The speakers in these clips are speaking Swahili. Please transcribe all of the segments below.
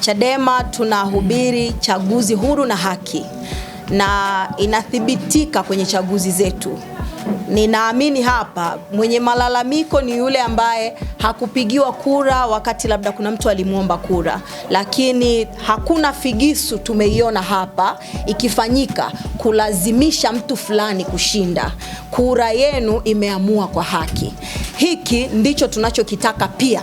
Chadema tunahubiri chaguzi huru na haki na inathibitika kwenye chaguzi zetu. Ninaamini hapa mwenye malalamiko ni yule ambaye hakupigiwa kura wakati labda kuna mtu alimwomba kura, lakini hakuna figisu tumeiona hapa ikifanyika kulazimisha mtu fulani kushinda. Kura yenu imeamua kwa haki. Hiki ndicho tunachokitaka pia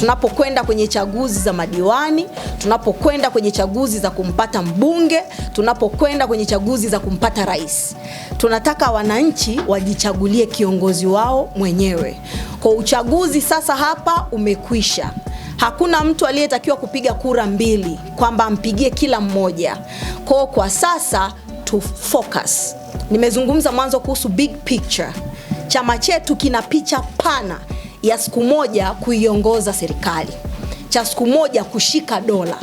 tunapokwenda kwenye chaguzi za madiwani, tunapokwenda kwenye chaguzi za kumpata mbunge, tunapokwenda kwenye chaguzi za kumpata rais. Tunataka wananchi wajichagulie kiongozi wao mwenyewe. Kwa uchaguzi sasa hapa umekwisha. Hakuna mtu aliyetakiwa kupiga kura mbili kwamba ampigie kila mmoja. Kwa kwa sasa tu focus. Nimezungumza mwanzo kuhusu big picture. Chama chetu kina picha pana ya siku moja kuiongoza serikali, cha siku moja kushika dola.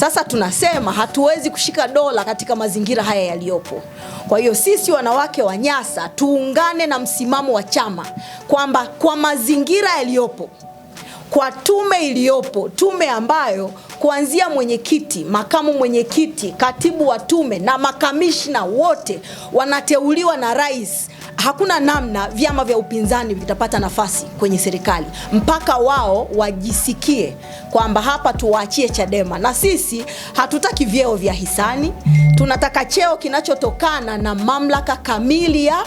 Sasa tunasema hatuwezi kushika dola katika mazingira haya yaliyopo. Kwa hiyo sisi wanawake wa Nyasa tuungane na msimamo wa chama kwamba kwa mazingira yaliyopo, kwa tume iliyopo, tume ambayo kuanzia mwenyekiti, makamu mwenyekiti, katibu wa tume na makamishna wote wanateuliwa na rais hakuna namna vyama vya upinzani vitapata nafasi kwenye serikali mpaka wao wajisikie kwamba hapa tuwaachie Chadema, na sisi hatutaki vyeo vya hisani, tunataka cheo kinachotokana na mamlaka kamili ya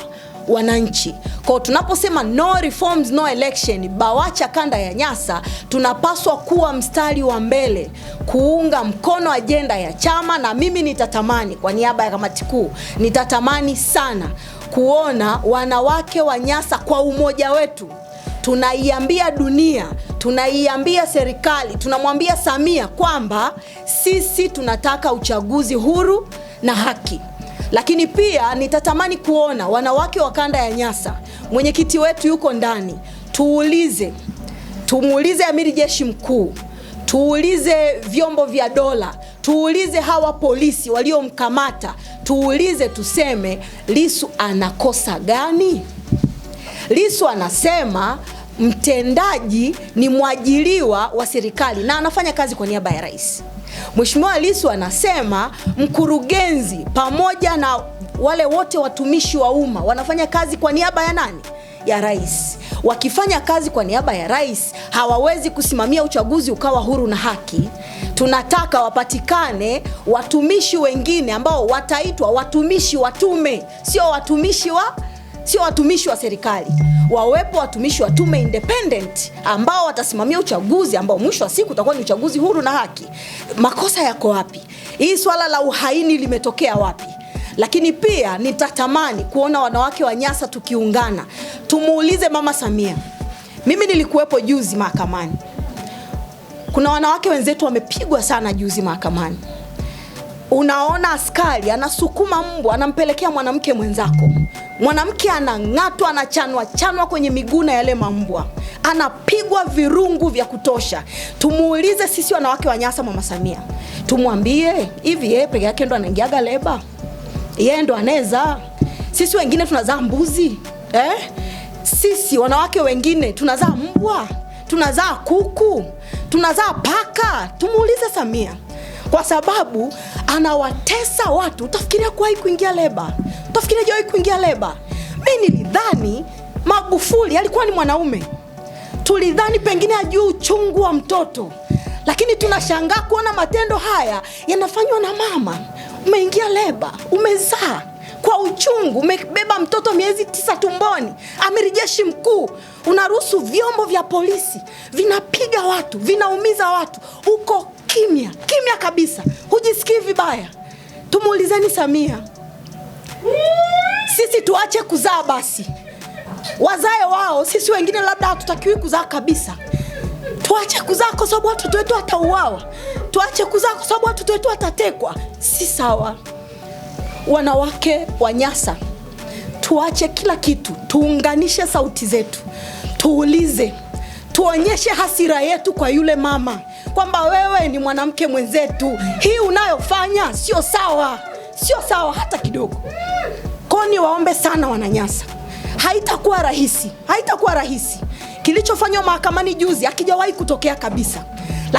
wananchi. Kwa tunaposema no reforms no election, BAWACHA kanda ya Nyasa tunapaswa kuwa mstari wa mbele kuunga mkono ajenda ya chama, na mimi nitatamani kwa niaba ya kamati kuu, nitatamani sana kuona wanawake wa Nyasa kwa umoja wetu tunaiambia dunia, tunaiambia serikali, tunamwambia Samia kwamba sisi tunataka uchaguzi huru na haki. Lakini pia nitatamani kuona wanawake wa kanda ya Nyasa, mwenyekiti wetu yuko ndani, tuulize, tumuulize amiri jeshi mkuu, tuulize vyombo vya dola, tuulize hawa polisi waliomkamata tuulize tuseme, lisu anakosa gani? lisu anasema mtendaji ni mwajiliwa wa serikali na anafanya kazi kwa niaba ya rais. Mheshimiwa lisu anasema mkurugenzi pamoja na wale wote watumishi wa umma wanafanya kazi kwa niaba ya nani? ya rais. Wakifanya kazi kwa niaba ya rais, hawawezi kusimamia uchaguzi ukawa huru na haki. Tunataka wapatikane watumishi wengine ambao wataitwa watumishi wa tume, sio watumishi wa sio watumishi wa serikali. Wawepo watumishi wa tume independent ambao watasimamia uchaguzi ambao mwisho wa siku utakuwa ni uchaguzi huru na haki. Makosa yako wapi? Hii swala la uhaini limetokea wapi? lakini pia nitatamani kuona wanawake wa Nyasa tukiungana, tumuulize Mama Samia. Mimi nilikuwepo juzi mahakamani, kuna wanawake wenzetu wamepigwa sana juzi mahakamani. Unaona askari anasukuma mbwa anampelekea mwanamke mwenzako, mwanamke anang'atwa, anachanwa chanwa kwenye miguu na yale mambwa, anapigwa virungu vya kutosha. Tumuulize sisi wanawake wa Nyasa Mama Samia, tumwambie hivi, yeye peke yake ndo anaingiaga leba? yeye ndo anaweza. Sisi wengine tunazaa mbuzi eh? Sisi wanawake wengine tunazaa mbwa, tunazaa kuku, tunazaa paka. Tumuulize Samia, kwa sababu anawatesa watu. Utafikiria kuwahi kuingia leba? Utafikiria jawahi kuingia leba? Mi nilidhani Magufuli alikuwa ni mwanaume, tulidhani pengine ajui uchungu wa mtoto, lakini tunashangaa kuona matendo haya yanafanywa na mama. Umeingia leba, umezaa kwa uchungu, umebeba mtoto miezi tisa tumboni. Amiri jeshi mkuu, unaruhusu vyombo vya polisi vinapiga watu, vinaumiza watu, uko kimya kimya kabisa, hujisikii vibaya. Tumuulizeni Samia, sisi tuache kuzaa basi, wazae wao. Sisi wengine labda hatutakiwi kuzaa kabisa, tuache kuzaa kwa sababu watoto wetu watauawa tuache kuzaa kwa sababu watoto wetu watatekwa, si sawa. Wanawake wa Nyasa, tuache kila kitu, tuunganishe sauti zetu, tuulize, tuonyeshe hasira yetu kwa yule mama kwamba wewe ni mwanamke mwenzetu, hii unayofanya sio sawa, sio sawa hata kidogo. koni waombe sana Wananyasa, haitakuwa rahisi, haitakuwa rahisi. Kilichofanywa mahakamani juzi hakijawahi kutokea kabisa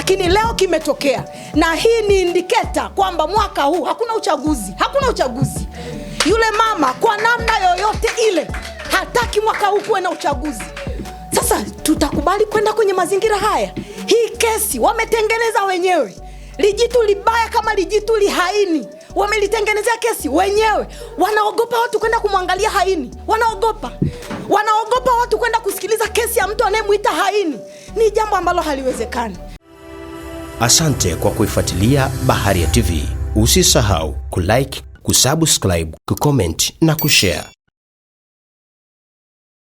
lakini leo kimetokea, na hii ni indiketa kwamba mwaka huu hakuna uchaguzi, hakuna uchaguzi. Yule mama kwa namna yoyote ile hataki mwaka huu kuwe na uchaguzi. Sasa tutakubali kwenda kwenye mazingira haya? Hii kesi wametengeneza wenyewe, lijitu libaya kama lijitu lihaini wamelitengenezea kesi wenyewe. Wanaogopa watu kwenda kumwangalia haini, wanaogopa wanaogopa watu kwenda kusikiliza kesi ya mtu anayemwita haini. Ni jambo ambalo haliwezekani. Asante kwa kuifuatilia Baharia TV. Usisahau kulike, kusubscribe, kucomment na kushare.